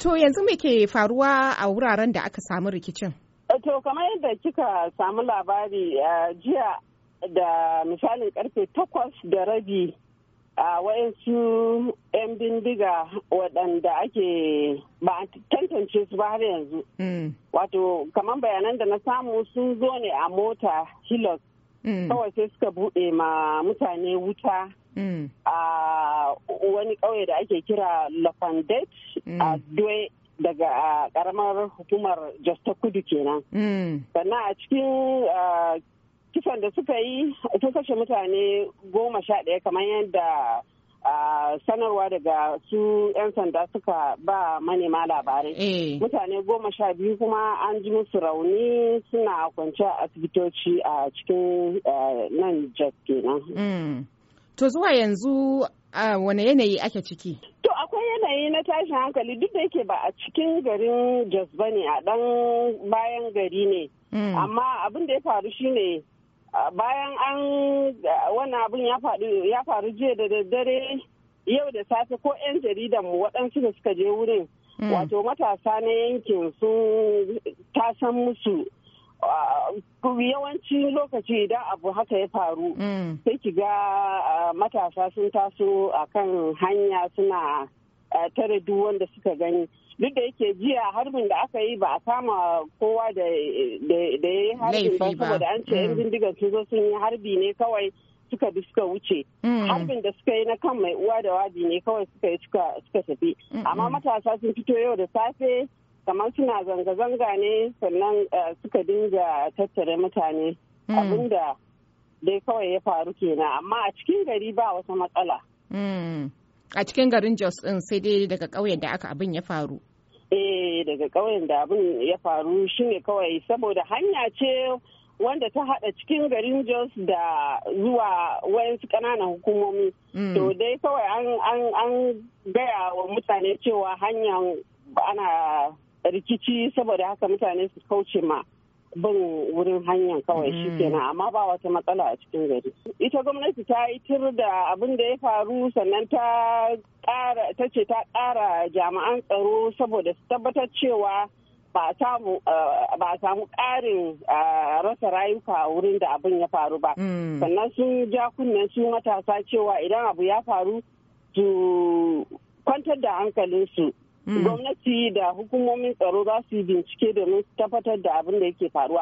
To yanzu me ke faruwa a wuraren da aka samu rikicin? Eh, to kamar yadda kika samu labari eh, jiya da misalin karfe takwas da rabi a eh, wayansu 'yan bindiga waɗanda ake ba tantance su ba har yanzu. Mm. Wato kamar bayanan da na samu sun zo ne a mota Hilux mm. kawai sai suka buɗe ma mutane wuta mm. a ah, wani ƙauye da ake kira lafandet mm. a doye daga karamar hukumar jos ta kudu kenan mm. sannan a cikin kifan da suka yi sun kashe mutane goma sha ɗaya kamar yadda sanarwa daga su 'yan sanda suka ba manema labarai eh. mutane goma sha biyu kuma an ji musu rauni suna kwance a asibitoci a cikin nan jos kenan mm. to zuwa yanzu a wane yanayi ake ciki? To akwai yanayi na tashin hankali duk da yake ba a cikin garin Jos ba ne a ɗan bayan gari ne. Mm. Amma abin da ya faru shine bayan an wani abin ya faru jiya da daddare yau da safe ko 'yan jaridan mu waɗansu da suka je wurin. Mm. Wato matasa na yankin sun tasan musu yawanci lokaci idan abu haka ya faru mm. sai ki ga matasa sun taso a kan hanya suna tare duk wanda suka gani duk da yake jiya harbin da aka yi ba a kama kowa da ya yi harbin ba saboda an ce yan mm. bindigar sun zo sun yi harbi ne kawai suka bi suka wuce mm. harbin da suka yi na kan mai uwa da wadi ne kawai suka yi suka tafi amma matasa sun fito yau da safe kamar suna zanga-zanga ne sannan eh, suka dinga tattare mutane hmm. abinda dai kawai ya faru kenan amma a cikin gari ba wata matsala hmm. a cikin garin jos din sai dai daga ƙauyen da aka abin ya faru eh daga ƙauyen da abin ya faru shine kawai saboda hanya ce wanda ta hada cikin garin Jos da zuwa wayansu kananan hukumomi. Hmm. To dai kawai an gaya wa mutane cewa hanyar ana rikici saboda haka mutane su kauce ma bin wurin hanyar kawai shi mm. kenan amma ba wata matsala a cikin gari ita gwamnati ta yi tur da abin da ya faru sannan ta ce ta ƙara jami'an tsaro saboda su tabbatar cewa ba a samu eh, ƙarin eh, rasa rayuka a wurin da abin ya faru ba mm. sannan sun ja kunnen su matasa cewa idan abu ya faru su kwantar da hankalinsu gwamnati da hukumomin tsaro za su yi bincike domin tabbatar da abin da yake faruwa